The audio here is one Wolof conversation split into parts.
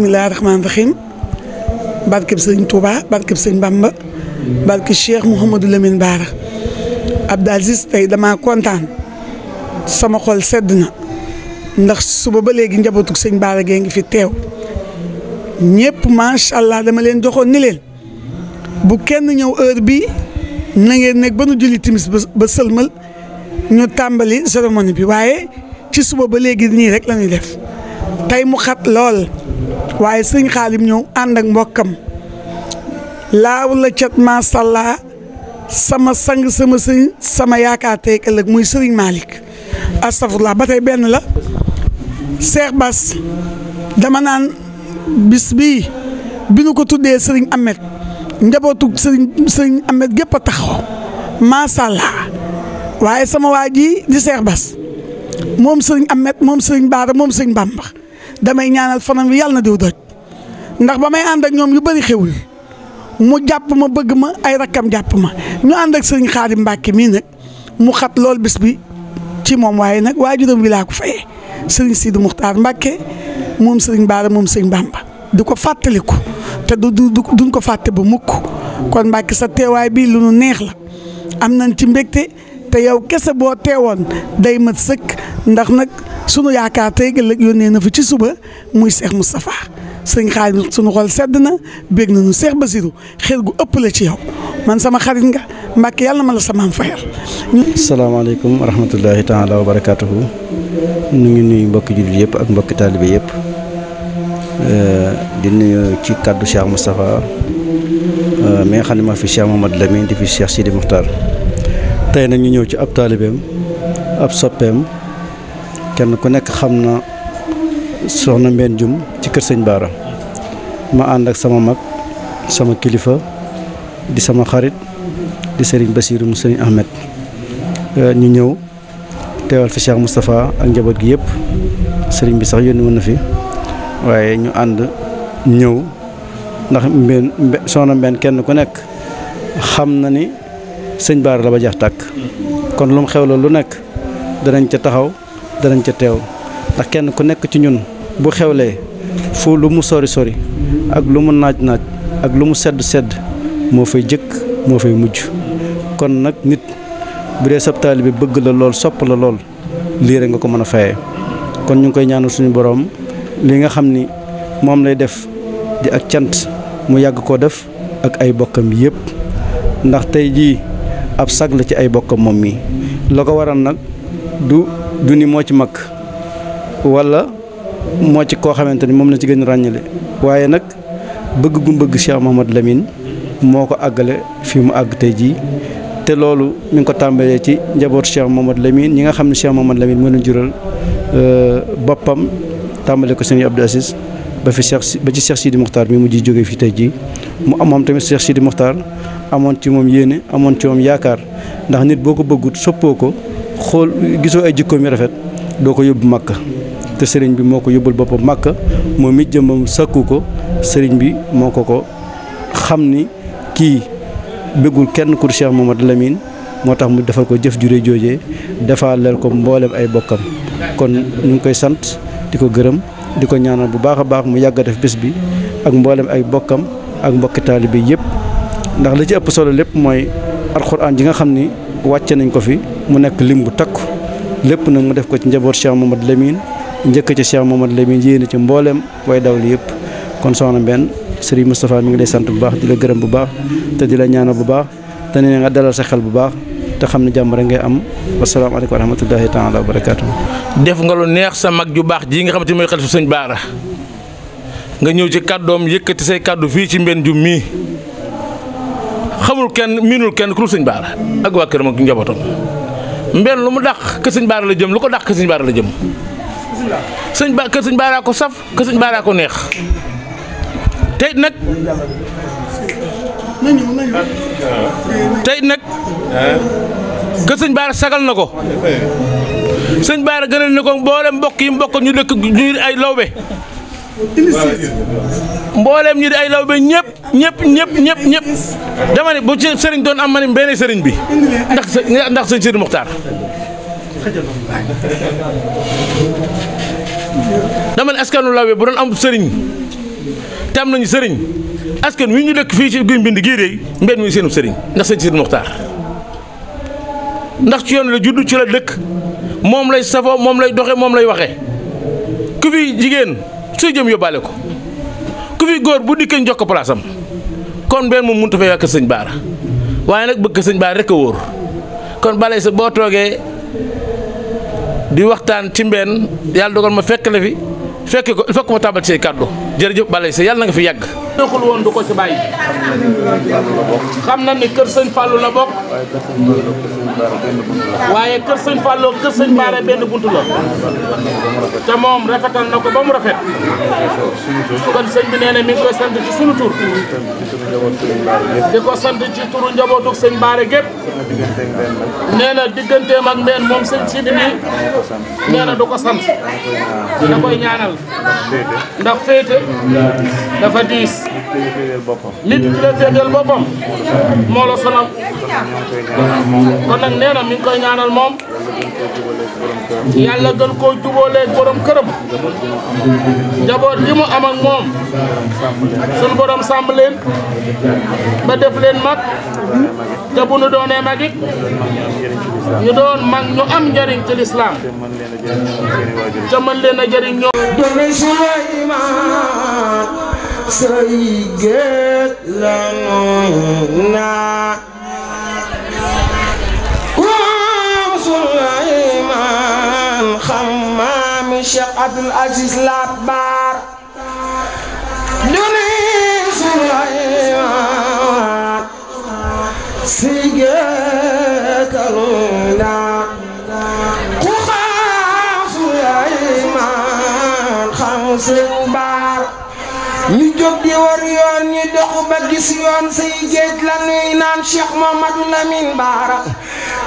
bisimilah rahmaani rahim sëñ sëriñ Touba barkeb sëriñ Bamba barke Cheikh Mouhamadou Lamine Baara Abdou Aziz tey damaa kontaan sama xol sedd na ndax suba ba léegi njabootug sëñ Baara gee ngi fi teew ñëpp macha allah dama leen joxoon ni leen bu kenn ñëw heure bi na ngeen nekk ba nu julli timis ba sëlmal ñu tàmbali cérémonie bi waaye ci suba ba léegi nii rek lañuy def tey mu xat lool. waaye sëñ xaalim ñëw ànd ak mbokkam laaw la cat masalla sama sang sama sëñ sama yaakaar tey ëllëg muy sëriñ Malick astafurlah ba tey benn la Cheikh Bass dama naan bis bii bi nu ko tuddee sëriñ Ahmed njabootu sëriñ sëriñ Ahmed gépp a taxaw masalla waaye sama waa yi di Cheikh Bass moom sëriñ Ahmed moom sëriñ Baara moom sëriñ Bamba damay ñaanal fanam bi yàlla na diw doj ndax ba may ànd ak ñoom yu bëri xewul mu jàpp ma bëgg ma ay rakkam jàpp ma ñu ànd ak sëriñ Xaadim Mbàkke mii nag mu xat lool bis bi ci moom waaye nag waa bi wilaa ko fayee sëriñ Sidi Muxtaar Mbàkke moom sëriñ Baara moom sëriñ Bàmba du ko fàttaliku te du duñ ko fàtte ba mukk kon Mbàkke sa teewaay bii lu nu neex la am nañ ci mbégte te yow kese boo teewoon day mat sëkk ndax nag sunu yaakaar tey ëllëg yónnee na fi ci suba muy seex Moustapha sëñ Xaadim sunu xol sedd na bég na nu Cheikh Basirou xel gu ëpp la ci yow man sama xarit nga Mbàkke yàlla ma la sama am fayal. asalaamaaleykum wa rahmatullahi taala wa barakaatuhu ñu ngi nuyu mbokki jullit yëpp ak mbokki taalibe yëpp eh, di nuyu ci kàddu Cheikh Moustapha eh, mi nga xam ne ma fi Cheikh Mamadou Lamine di fi si Sidi Mokhtar tey nag ñu ñëw ci ab taalibeem ab soppeem. kenn ku nek xamna benjum soxna Mbène Dioum ci keur seigne bara ma and ak sama mak sama kilifa di sama xarit di serigne Basiiru mu serigne Ahmed euh, ñu ñew teewal fi Cheikh mustapha ak njabot gi yep serigne bi sax yoni woon fi waye ñu and ñew ndax Mbène soxna Mbène kenn ku nek xamna ni seigne bara la ba jax tak kon lu mu lu nek dinañ ci taxaw danañ ca teew ndax kenn ku nekk ci ñun bu xewlee fu lu mu sori sori ak lu mu naaj naaj ak lu mu sedd sedd moo fay jëkk moo fay mujj kon nag nit bu dee sab taalibe bi bëgg la lool sopp la lool lii rek nga ko mën a fayee kon ñu ngi koy ñaanal suñu boroom li nga xam ni moom lay def di ak cant mu yàgg koo def ak ay bokkam yépp ndax tey jii ab sag la ci ay bokkam moom mi la ko waral nag du du ni moo ci mag wala moo ci koo xamante ni moom la ci gën ràññale waaye nag bëgg gu bëgg Cheikh Mouhamadou Lamine moo ko àggale fi mu àgg tey jii te loolu mi ngi ko tàmbalee ci njaboot Cheikh Mouhamadou Lamine ñi nga xam ne Cheikh Mouhamadou Lamine mën a jural euh, boppam tàmbale ko sëñ Abdou Aziz ba fi Cheikh ba ci Cheikh Sidi Mokhtar mi mujj jóge fi tey jii mu amoon tamit Cheikh Sidi Mokhtar amoon ci moom yéene amoon ci moom yaakaar ndax nit boo ko bëggut soppoo ko. xool gisoo ay jikkoom yu rafet doo ko yóbbu makk te sëriñ bi moo ko yóbbul boppam makk moom it jëmmam sëkku ko sëriñ bi moo ko ko xam ni kii bëggul kenn kur Cheikh Mamadou moo tax mu defal ko jëf jure joojee defaaleel ko mboolem ay bokkam kon ñu ngi koy sant di ko gërëm di ko ñaanal bu baax a baax mu yàgg a def bés bi ak mboolem ay bokkam ak mbokki taalibe bi yëpp ndax la ci ëpp solo lépp mooy alxuraan ji nga xam ni wacce nañ ko fi mu nek limbu bu takku lépp nag mu def ko ci njabot Cheikh Mamadou Lamine njëkk ci Cheikh Mamadou Lamine yéene ci mbollem way dawli yep kon soxna ben Serigne mustapha mi ngi lay sante bu baax dila gërëm bu baax te dila ñaanal bu baax te ne nga dalal sa xel bu baax te xamni ne rek ngay am wasalaamaaleykum wa rahmatullahi taala wa def nga lu neex sa mag ju baax ji nga xamante moy xel su sëñ bara nga ñew ci say kaddu fi ci mbenjum mi xamul kenn miinul kenn ku sëñ baara ak waa këram ak njabootam mbel lu mu dàq ke sëñ la jëm lu ko dàq ke sëñ la jëm sëñ ba ke sëñ ko saf ke sëñ ko neex tey nag tey nag ke sëñ baara sagal na ko sëñ baara gënal na ko mboolem mbokk yi mbokk ñu dëkk ñu ay lawbe mbooleem ñi di ay lawbe ñëpp ñëpp ñëpp ñëpp ñëpp dama ne bu ci sëriñ doon am ma ne benn sëriñ bi ndax ndax sëñ Sidi Muxtaar dama ne askanu lawbe bu doon am sëriñ te am nañu sëriñ askan wi ñu dëkk fii ci guy mbind gii de mbéy mi seenu sëriñ ndax sëñ Sidi Muxtaar ndax ci yoon la judd ci la dëkk moom lay safoo moom lay doxe moom lay waxe ku fi jigéen suy jëm yóbbaale ko ku fi gor bu dikkee jox place kon ben mu muntu fe bar. yàq bar waye nak bëgg rek woor kon bale sa bo toogee di waxtaan ci mbenn yalla dogal ma fekk la fi fekk ko il faut que ma tàmbali say bale sa yalla nga fi dekhul won duko ci baye xamna ni keur sëñ fallu la bok waye keur sëñ fallo keur sëñ bare ben buntu la ca mom rafetal nako ko rafet kon sëñ bi neena mi ngi koy sant ci sunu tour diko ko sant ci touru njabotuk sëñ bare gep neena digeunte mak neen mom moom Sidi nii neena duko sant da koy ñaanal ndax féete dafa 10 nit ki la féeteel boppam moo la sonal kon nag nee na mi ngi koy ñaanal moom yàlla gën koo jubóolee borom këram njaboot gi mu am ak moom sunu borom sàmm leen ba def leen mag te bu nu doonee mag ñu doon mag ñu am njëriñ ci lislaam te mën leen a jëriñ ñoom say géej la noon naa Suleymaan xam maami Cheikh Abdul Aziz Labbar duni Suleymaan سيون سيجيت لنين عن شيخ محمد لمن بارا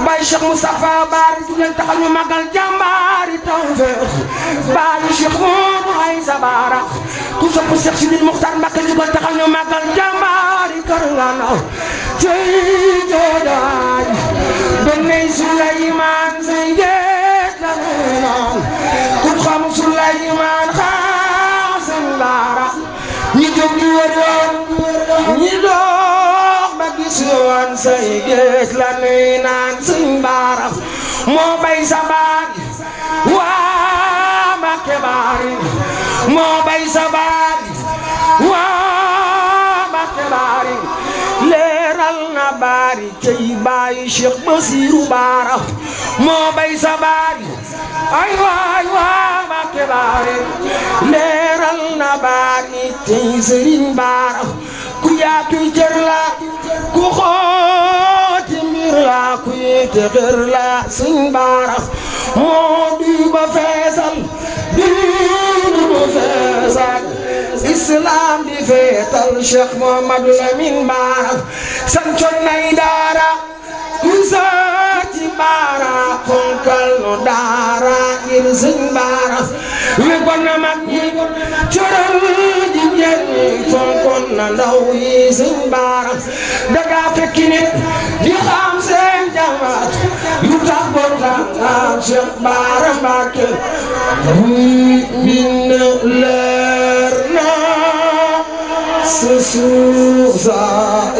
باي شيخ مصطفى باري تولن تخلو مقال جمباري توفيخ باي شيخ موت هاي زبارا كوسو بو شيخ شديد مختار مقال جبال تخلو مقال جمباري كرلانا جي جوداي بني سليمان سيجيت لنين عن خمس سليمان خاصن بارا نجوم جوداي ñi dox ba gis woon say géej la nuy naan suñ baaram moo bay sa baag waa Mbàkke baari baari leeral na baari cey baayu Cheikh Basiru baara moo bay sa baag ay waay waa Mbàkke baari leeral na baari cey Sëriñ baara ku yaatuy jër la ku xooti mbir la ku yéete xër la suñ baaraam moo duy ba feesal diinu bu feesal islam di feetal Cheikh Mouhamadou Lamine Bara sancoon nay daara musa ci Bara konkal nu daara ngir suñ baaraam wégoon na mag ñi cëral ndaw yi suñ baara daga fekki nit xam seen jàmbaar yu tax bon daan naan Cheikh Baara Mbàkke buy bind leer na sa suuf sa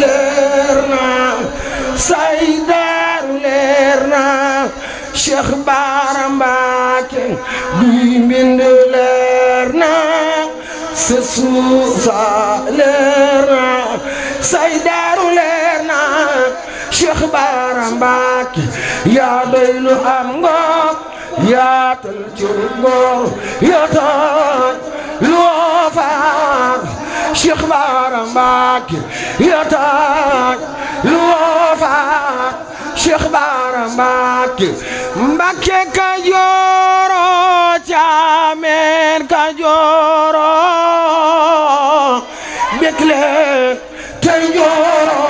leer na say daaru leer na Cheikh Baara Mbàkke buy يا دينو أمغو يا تلجنغو يا تان لوفار شيخ بارمباك يا تان لوفار شيخ بارمباك مباكي كجورو جامير كجورو tey jooro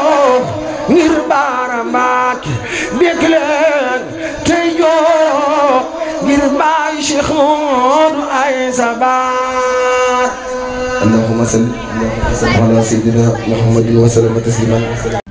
ngir baara Mbàkke bég leen tey jooro ngir baay Cheikh Modou Aïssa Ba allahumma salli ala sayyidina muhammadin wa sallama tasliman